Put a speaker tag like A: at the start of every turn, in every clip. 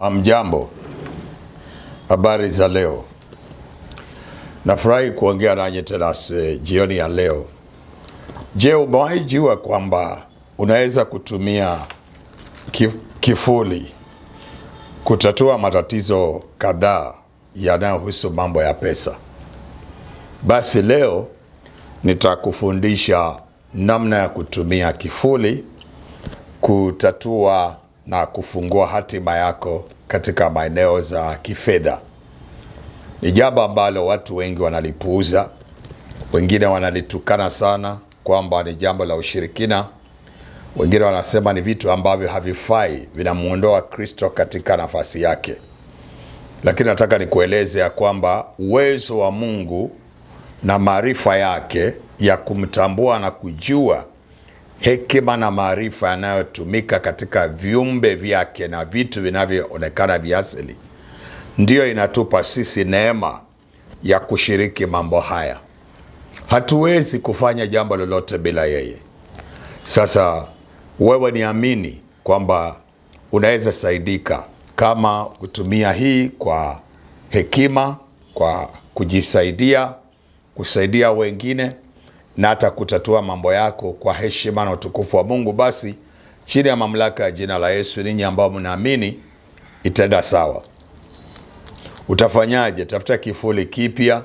A: Amjambo, habari za leo. Nafurahi kuongea nanyi tena jioni ya leo. Je, umewahi jua kwamba unaweza kutumia kifuli kutatua matatizo kadhaa yanayohusu mambo ya pesa? Basi leo nitakufundisha namna ya kutumia kifuli kutatua na kufungua hatima yako katika maeneo za kifedha. Ni jambo ambalo watu wengi wanalipuuza, wengine wanalitukana sana kwamba ni jambo la ushirikina, wengine wanasema ni vitu ambavyo havifai, vinamwondoa Kristo katika nafasi yake. Lakini nataka nikueleze ya kwamba uwezo wa Mungu na maarifa yake ya kumtambua na kujua hekima na maarifa yanayotumika katika viumbe vyake na vitu vinavyoonekana vya asili ndiyo inatupa sisi neema ya kushiriki mambo haya. Hatuwezi kufanya jambo lolote bila yeye. Sasa wewe niamini kwamba unaweza saidika kama kutumia hii kwa hekima, kwa kujisaidia, kusaidia wengine na hata kutatua mambo yako kwa heshima na utukufu wa Mungu, basi chini ya mamlaka ya jina la Yesu, ninyi ambao mnaamini, itaenda sawa. Utafanyaje? Tafuta kifuli kipya,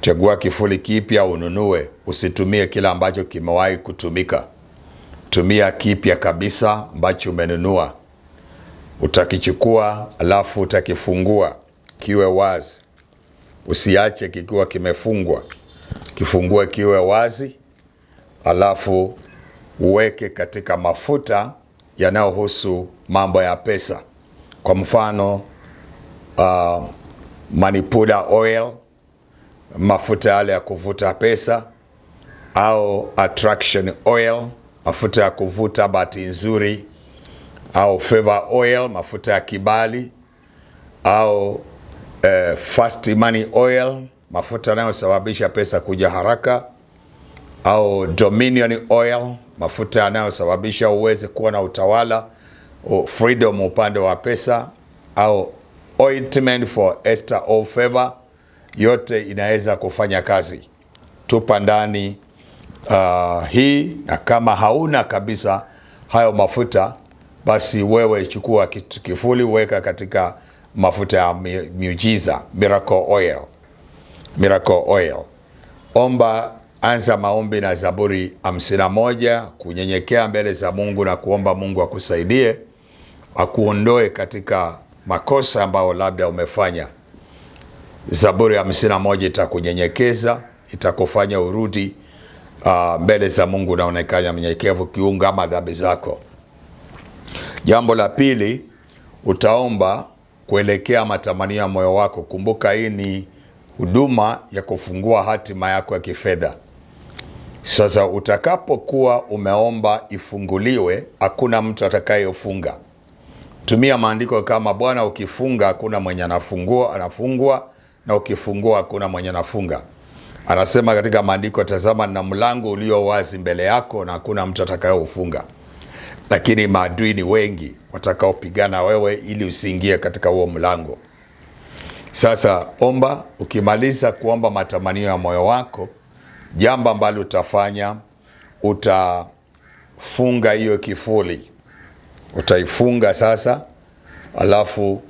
A: chagua kifuli kipya ununue. Usitumie kila ambacho kimewahi kutumika, tumia kipya kabisa ambacho umenunua. Utakichukua alafu utakifungua kiwe wazi, usiache kikiwa kimefungwa kifungua kiwe wazi, alafu uweke katika mafuta yanayohusu mambo ya pesa, kwa mfano uh, manipuda oil, mafuta yale ya kuvuta pesa, au attraction oil, mafuta ya kuvuta bahati nzuri, au favor oil, mafuta ya kibali, au uh, eh, fast money oil mafuta yanayosababisha pesa kuja haraka, au Dominion Oil, mafuta yanayosababisha uweze kuwa na utawala freedom upande wa pesa, au ointment for Esther of favor, yote inaweza kufanya kazi. Tupa ndani uh, hii na kama hauna kabisa hayo mafuta, basi wewe chukua kifuli, weka katika mafuta ya miujiza miracle oil. Miracle Oil. Omba, anza maombi na Zaburi 51 kunyenyekea mbele za Mungu na kuomba Mungu akusaidie akuondoe katika makosa ambayo labda umefanya. Zaburi 51 itakunyenyekeza, itakufanya urudi uh, mbele za Mungu unaonekana mnyenyekevu kiungama dhambi zako. Jambo la pili utaomba kuelekea matamanio ya moyo wako. Kumbuka hii ni huduma ya kufungua hatima yako ya kifedha. Sasa utakapokuwa umeomba ifunguliwe, hakuna mtu atakayefunga. Tumia maandiko kama Bwana, ukifunga hakuna mwenye anafungua anafungwa, na ukifungua hakuna mwenye anafunga. Anasema katika maandiko, tazama na mlango ulio wazi mbele yako, na hakuna mtu atakayeufunga. Lakini maadui ni wengi watakaopigana wewe ili usiingie katika huo mlango. Sasa omba, ukimaliza kuomba matamanio ya moyo wako, jambo ambalo utafanya utafunga hiyo kifuli, utaifunga sasa, alafu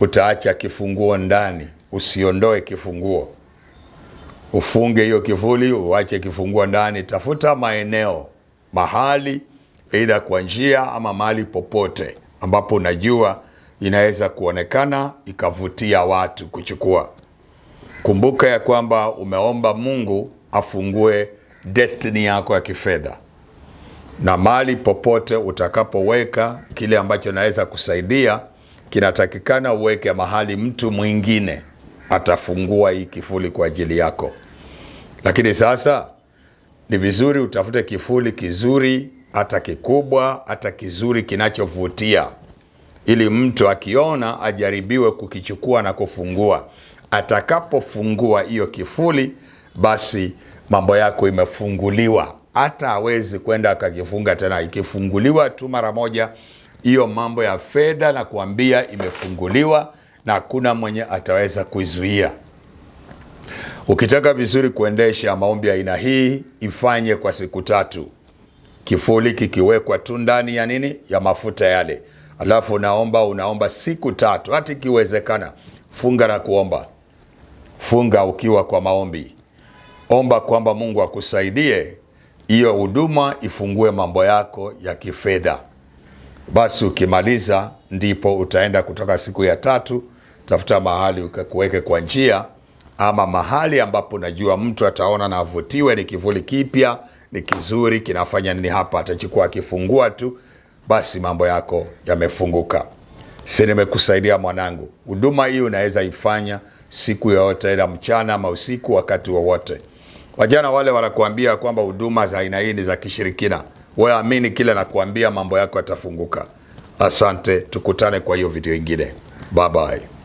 A: utaacha kifunguo ndani, usiondoe kifunguo, ufunge hiyo kifuli, uache kifunguo ndani. Tafuta maeneo mahali, aidha kwa njia ama mahali popote ambapo unajua inaweza kuonekana ikavutia watu kuchukua. Kumbuka ya kwamba umeomba Mungu afungue destiny yako ya kifedha, na mali popote utakapoweka kile ambacho naweza kusaidia, kinatakikana uweke mahali mtu mwingine atafungua hii kifuli kwa ajili yako. Lakini sasa ni vizuri utafute kifuli kizuri, hata kikubwa, hata kizuri kinachovutia ili mtu akiona ajaribiwe kukichukua na kufungua. Atakapofungua hiyo kifuli, basi mambo yako imefunguliwa. Hata awezi kwenda akakifunga tena, ikifunguliwa tu mara moja hiyo mambo ya fedha, na kuambia imefunguliwa na hakuna mwenye ataweza kuizuia. Ukitaka vizuri kuendesha maombi aina hii, ifanye kwa siku tatu, kifuli kikiwekwa tu ndani ya nini, ya mafuta yale alafu unaomba unaomba siku tatu, hata ikiwezekana funga na kuomba. Funga ukiwa kwa maombi, omba kwamba Mungu akusaidie hiyo huduma ifungue mambo yako ya kifedha. Basi ukimaliza, ndipo utaenda kutoka siku ya tatu, tafuta mahali ukakuweke kwa njia ama mahali ambapo unajua mtu ataona na avutiwe, ni kivuli kipya, ni kizuri, kinafanya nini hapa, atachukua akifungua tu basi mambo yako yamefunguka. Si nimekusaidia mwanangu? Huduma hii unaweza ifanya siku yoyote, ila mchana ama usiku, wakati wowote wa wajana wale wanakuambia kwamba huduma za aina hii ni za kishirikina, wewe amini kile nakuambia, mambo yako yatafunguka. Asante, tukutane kwa hiyo video ingine. Bye bye.